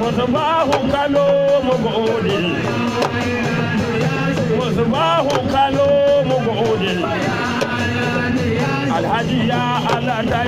Wasu bahun kalo mu Alhaji ya Allah ta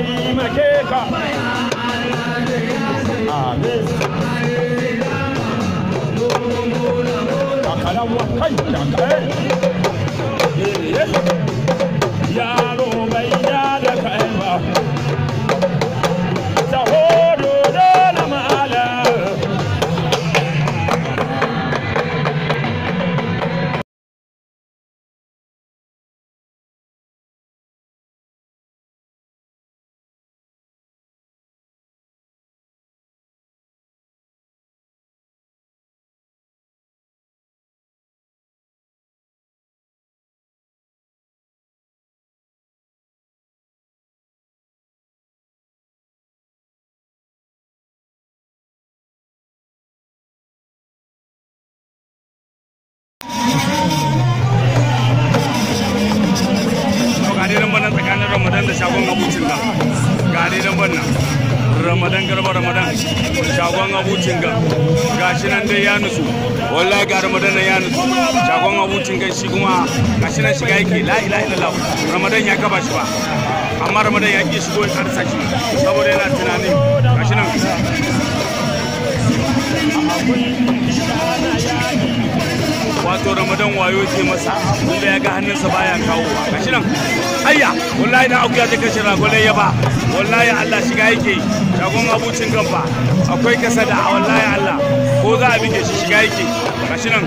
tsakanin ramadan da shagon abucin ga gari nan banna ramadan garba ramadan shagon abucin ga gashi nan dai ya nutsu wallahi ga ramadan nan ya nutsu shagon abucin ga shi kuma gashi nan shiga yake la ilaha illallah ramadan ya kaba shi ba amma ramadan ya ki shigo ya karsa shi saboda yana tunanin gashi nan wato ramadan wayo ce masa inda ya ga hannunsa baya kawo shi nan ayya wallahi na akuya ta kashe ragolai ya ba wallahi Allah shiga yake shagon abucin gamba akwai kasa da wallahi Allah ko za a bige shi shiga yake shi nan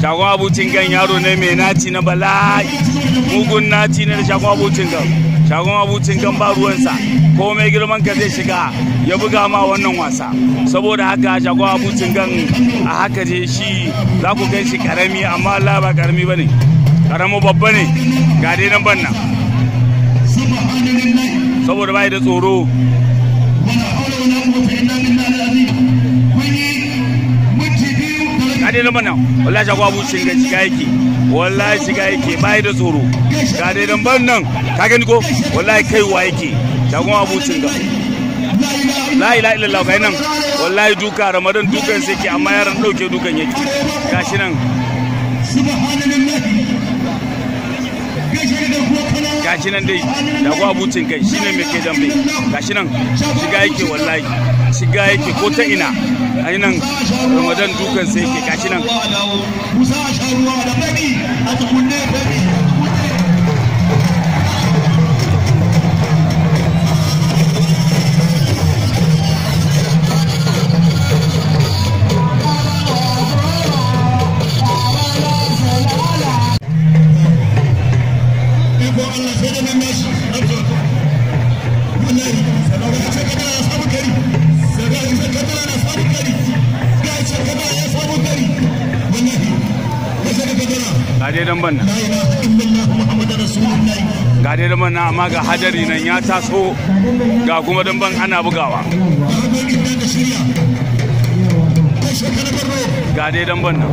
shagon abucin gan yaro ne mai naci na bala'i mugun naci ne da shagon abucin gan shagon abucin gan ba ruwansa ko mai girman ka zai shiga ya buga ma wannan wasa saboda haka shagon abucin gan a haka je shi za ku kai shi karami amma Allah ba karami bane karamo babba ne ga dai nan banna saboda bai da tsoro dai nan nan wallahi shago abu ga shiga yake wallahi shiga yake bai da tsoro ga dai nan ban nan ka gani ko wallahi kaiwa yake shago abu ga la ila illallah kai nan wallahi duka ramadan dukan sai ke amma yaran dauke dukan yake gashi nan subhanallah gashi nan dai da ku abucin kai shine mai kai bai gashi nan shiga yake wallahi shiga yake ko ta ina yi nan ramadan dukan sai yake gashi nan damban nan ga dai damban nan amma ga hadari nan ya taso ga kuma damban ana bugawa ga dai damban nan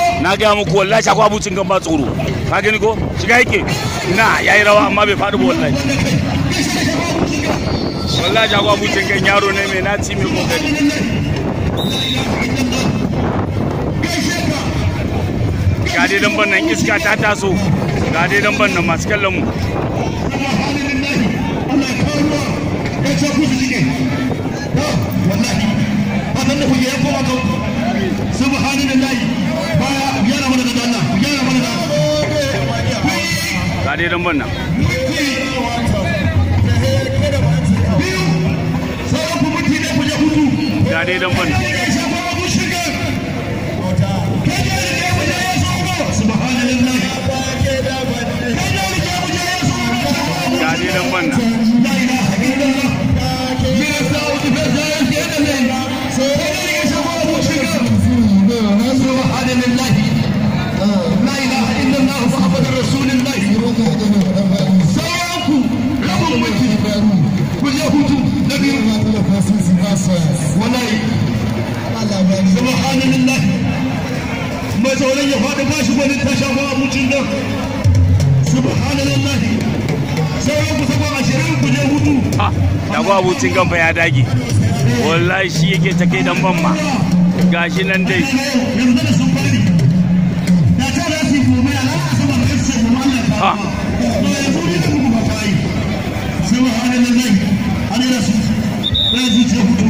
na gaya muku wallahi shakwa abucin gan ba tsoro ka gani ko shiga yake na yayi rawa amma bai faɗi ba wallahi wallahi shakwa abucin gan yaro ne mai naci mai kokari ga dai dan nan iska ta taso ga dai dan nan masu kallon mu subhanallahi ga dai damban nan ga dai subhanallahi mai tsoron ya faɗi ba shi wani ta shafa abincin nan subhanallahi sauran ku saba ashirin ku je hutu abincin ya wallahi shi yake ta kai ma gashi nan dai ha subhanallahi ana rasu rasu ce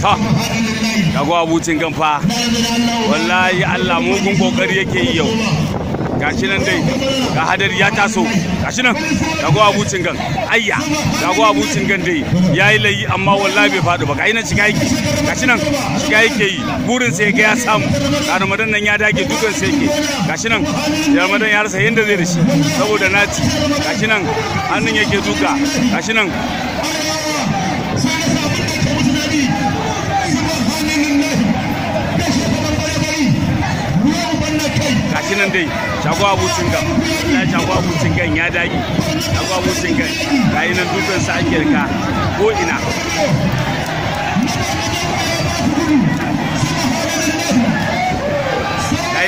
ta kago abucin gamfa wallahi allah mugun kokari yake yi yau gashi nan dai ga hadari ya taso gashi nan kago abucin gan ayya kago abucin gan dai ya yi layi amma wallahi bai faɗo ba gashi nan shiga yake gashi nan shiga yake yi burin sai ga ya samu ramadan nan ya dage dukan sai yake gashi nan ramadan ya rasa yadda zai da shi saboda nati gashi nan hannun yake duka gashi nan gashi dai shago abucin ga ya shago abucin gan ya dagi shago abucin gan yi nan dukkan sa ake rika ko ina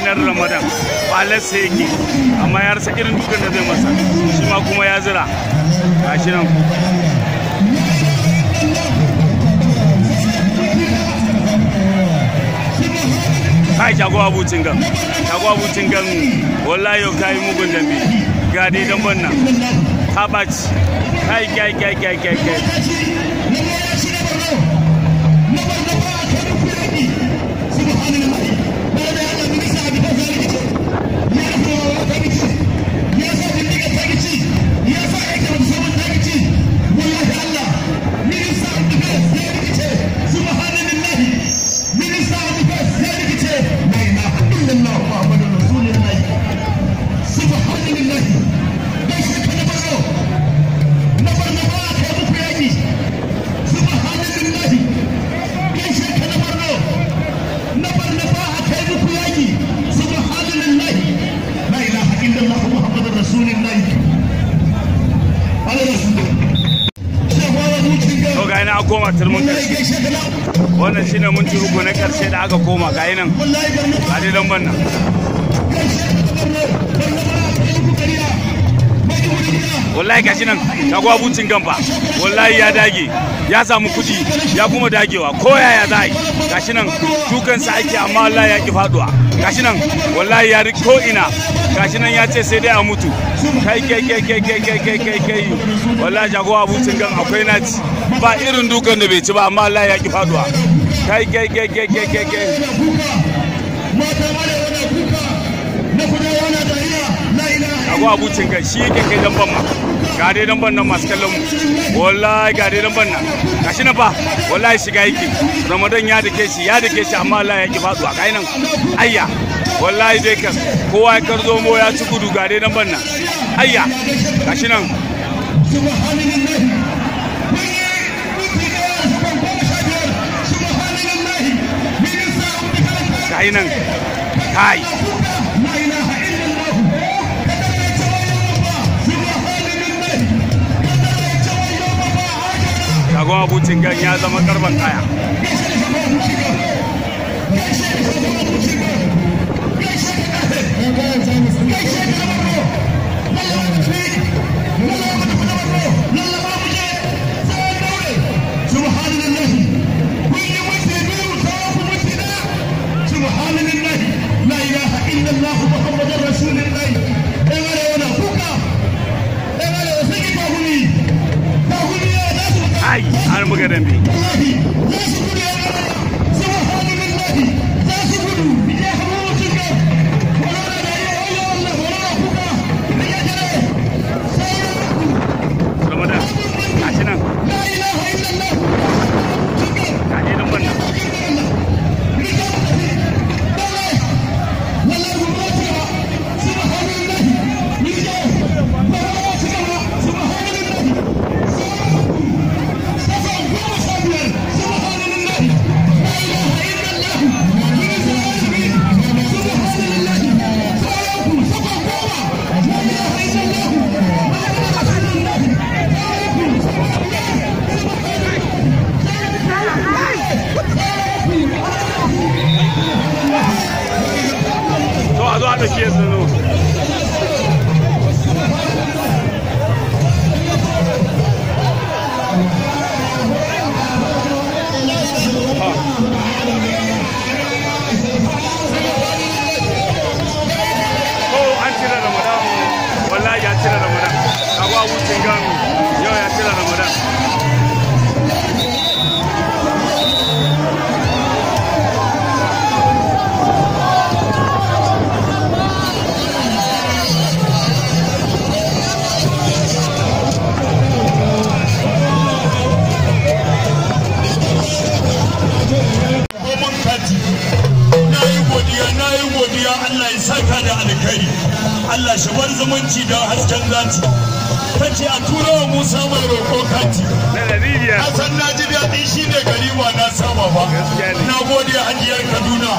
nan ramadan kwalarsa yake amma ya rasa irin dukkan da zai masa shi ma kuma ya zira shi nan kai shago abucin gan shago abucin gan wallahi yau kai mugun dambe ga dai dan banna ka baci kai kai kai kai kai koma turmin karshe wannan shine minti uku na karshe da aka koma ga yi nan ga dai lamban nan wallahi gashi nan kago abincin gamba wallahi ya dage ya samu kudi ya kuma dagewa ko ya za yi gashi nan dukansa ake amma wallahi ya ki faduwa gashi nan wallahi ya ko ina gashi nan ya ce sai dai a mutu kai kai kai kai kai kai kai kai kai wallahi jago abu abucin gan akwai naci ba irin dukan da bai ci ba amma Allah ya ki faduwa kai kai kai kai kai kai kai ko abucin kai shi yake kai dan ma ga dai damban masu kallon mu wallahi ga dai damban gashi na fa wallahi shiga yake ramadan ya dake shi ya dake shi amma Allah ya ki fadu a kai nan ayya wallahi dai kan kowa ya karzo mu ya ci gudu ga dai ayya gashi nan Kainan, kai. agogo abucin gan ya zama karban kaya Ai, arma garambi. Raul Sengano. na gode hajiyar kaduna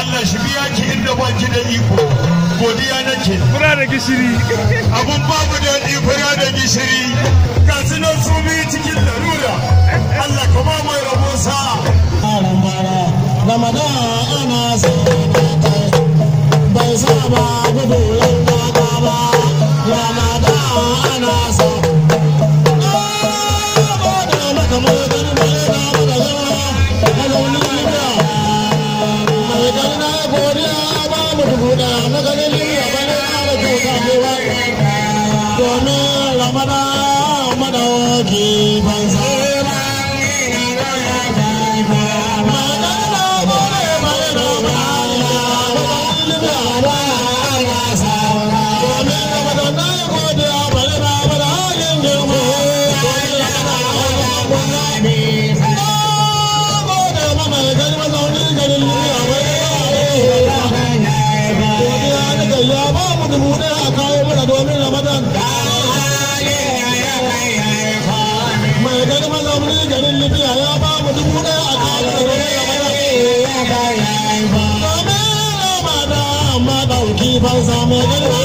allah shi biya ki inda ba ki da iko godiya nake fura da gishiri abun babu da fura da gishiri ga su nan cikin larura allah kuma mai rabo sa ramadan ana sai bai saba gudu yan ba libya ya ba mu dubu ɗaya a kan ya ba ba. ba da amma ɗauki fansa mai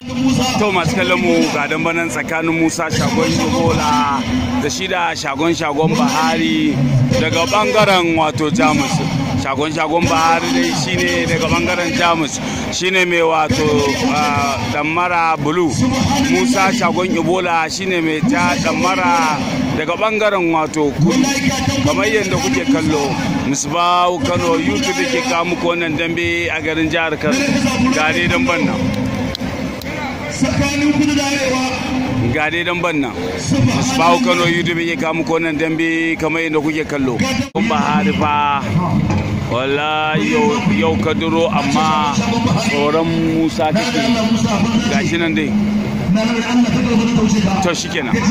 to masu kallon mu ga dambanan tsakanin musa shagon bola da shi da shagon shagon bahari daga bangaren wato jamus shagon shagon bahari dai shine daga bangaren jamus shine mai wato damara blue musa shagon ibola shine mai ta damara daga bangaren wato kudu kamar yadda kuke kallo musbahu kano youtube da ke kawo muku wannan dambe a garin jihar kano gare don nan. ga dai dan banna bawo kano youtube yake kamu ko nan dambe kamar yadda kuke kallo kun ba harifa wala yau ka duro amma tsoron musa kake shi nan dai to shi kenan to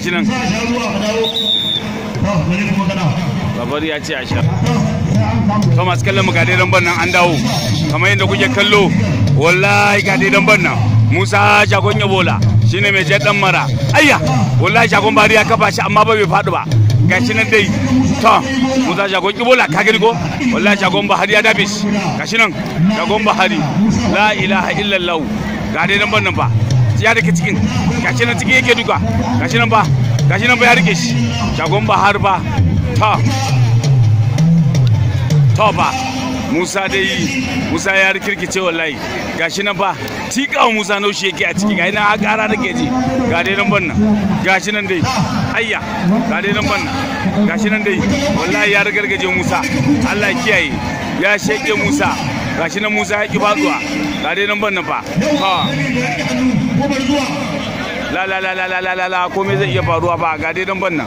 shi nan babar ya ce a sha to masu kallon mu gade dan bannan an dawo kamar yadda kuke kallo wallahi gade dan bannan musa shagon yabola ne mai je mara ayya wallahi shagon bari ya kafa shi amma ba bai faɗi ba shi nan dai to musa shagon yabola ka gani ko wallahi shagon bahari ya dafe shi gashi nan shagon bahari la ilaha illallah gade dan bannan ba ya rike cikin ga shi nan cikin yake duka ga shi nan ba ga shi nan ba ya rike shi shagon bahar ba ta to ba musa dai musa ya rikirkice wallahi gashi nan ba tika wa musa naushi yake a ciki gashi nan har ƙara nake ji ga dai nan banna gashi nan dai ayya ga dai nan banna gashi nan dai wallahi ya rigargaje musa allah kiyaye ya sheke musa gashi nan musa ya ki ga dai nan banna fa la la la la la la la komai zai iya faruwa ba ga dai nan banna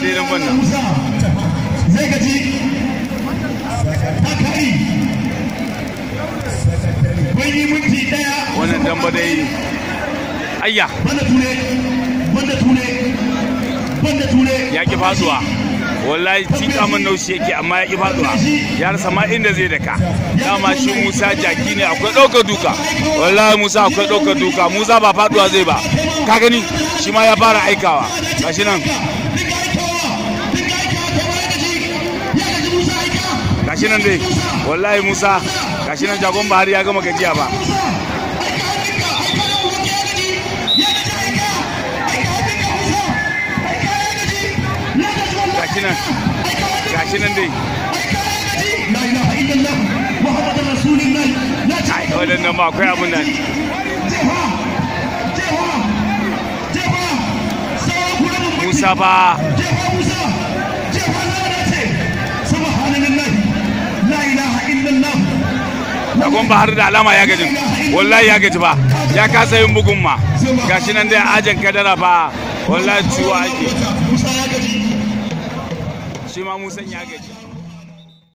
ga wannan zai gaji takari wani minti wannan ayya ture ture ture ya ki fasuwa wallahi cika min naushi yake amma ya ki faduwa ya rasa ma inda zai daka dama shi musa jaki ne akwai ɗaukar duka wallahi musa akwai ɗaukar duka musa ba faduwa zai ba ka gani shi ma ya fara aikawa gashi nan gashi nan dai wallahi musa gashi nan jagon bahari ya gama gajiya ba gashi nan gashi nan dai ai waɗannan ma akwai abin nan musa ba agon ba har da alama ya gaji wallahi ya gaji ba ya kasa yin bugun ma gashi nan dai ajin kadara ba wallahi ciwo ake shi ma musan ya gaji